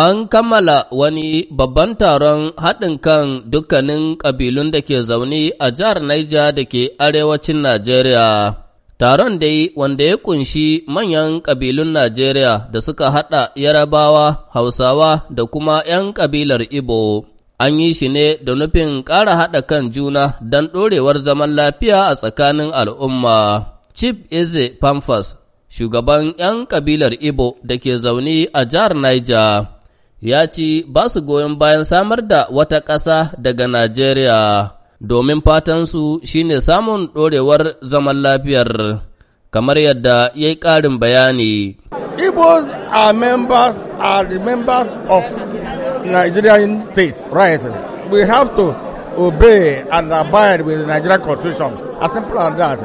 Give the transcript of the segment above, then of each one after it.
An kammala wani babban taron haɗin kan dukkanin ƙabilun da ke zaune a jihar Naija da ke arewacin Najeriya. Taron dai wanda ya ƙunshi manyan ƙabilun Najeriya da suka haɗa Yarabawa, Hausawa da kuma ‘yan ƙabilar Ibo. An yi shi ne da nufin ƙara haɗa kan juna don ɗorewar zaman lafiya a tsakanin al'umma. Chief Eze Pampas, shugaban ‘yan ƙabilar Ibo da ke zaune a jihar Niger. ya ce ba su goyon bayan samar da wata ƙasa daga Najeriya domin fatansu shine samun ɗorewar zaman lafiyar kamar yadda ya yi ƙarin bayani. Igbos are members are the members of Nigerian states, right? We have to obey and abide with the Nigerian constitution. As simple as that.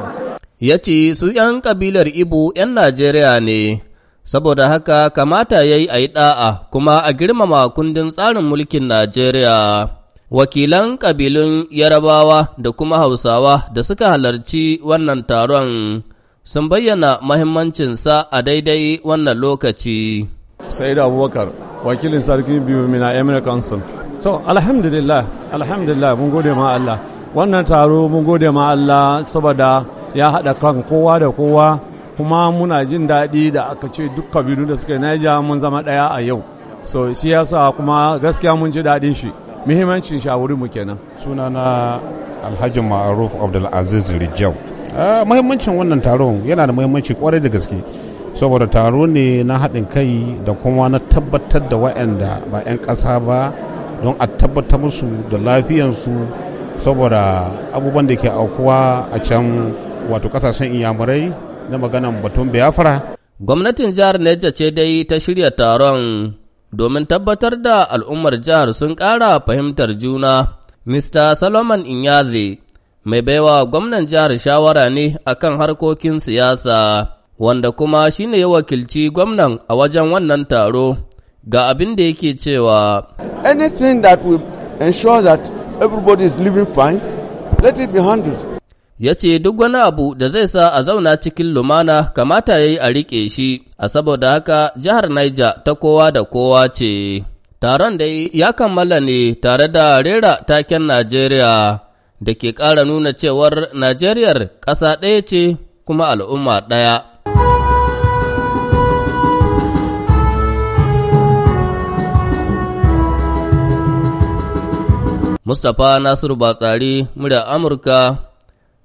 Ya ce su ‘yan kabilar Ibo ‘yan Najeriya ne. Saboda haka kamata ya yi a yi ɗa'a kuma a girmama kundin tsarin mulkin Najeriya. Wakilan ƙabilun Yarabawa da kuma Hausawa da suka halarci wannan taron sun bayyana mahimmancinsa a daidai wannan lokaci. Sa'idu Abubakar, wakilin sarki biyu mina Emirate Council. So, alhamdulillah, alhamdulillah, mun gode ma Allah. Wannan taro mun gode ma Allah saboda ya haɗa kan kowa da kowa kuma muna jin daɗi da aka ce duk kabilu da suke naija mun zama ɗaya a yau so shi yasa kuma gaskiya mun ji daɗin shi muhimmancin shi a mu kenan sunana alhaji ma'aruf abdulaziz rijau ah, muhimmancin wannan taron yana da muhimmanci kwarai da gaske saboda taro ne na haɗin kai da kuma na tabbatar da waɗanda ba 'yan ƙasa ba don a tabbatar musu da lafiyansu saboda abubuwan da ke aukuwa a can wato ƙasashen inyamurai na maganan batun Biafra. Gwamnatin jihar Neja ce dai ta shirya taron domin tabbatar da al'ummar jihar sun ƙara fahimtar juna. Mr. Solomon Inyazi mai baiwa gwamnan jihar shawara ne akan harkokin siyasa, wanda kuma shi ne ya wakilci gwamnan a wajen wannan taro ga abin da yake cewa. Anything that will ensure that everybody is living fine, let it be handled. ya ce duk wani abu da zai sa a zauna cikin lumana kamata ya yi a riƙe shi, a saboda haka jihar Niger ta kowa da kowa ce. Taron da ya kammala ne tare da rera taken Najeriya da ke ƙara nuna cewar Najeriyar ƙasa ɗaya ce kuma al'umma ɗaya. Mustapha Nasiru Batsari, murya Amurka,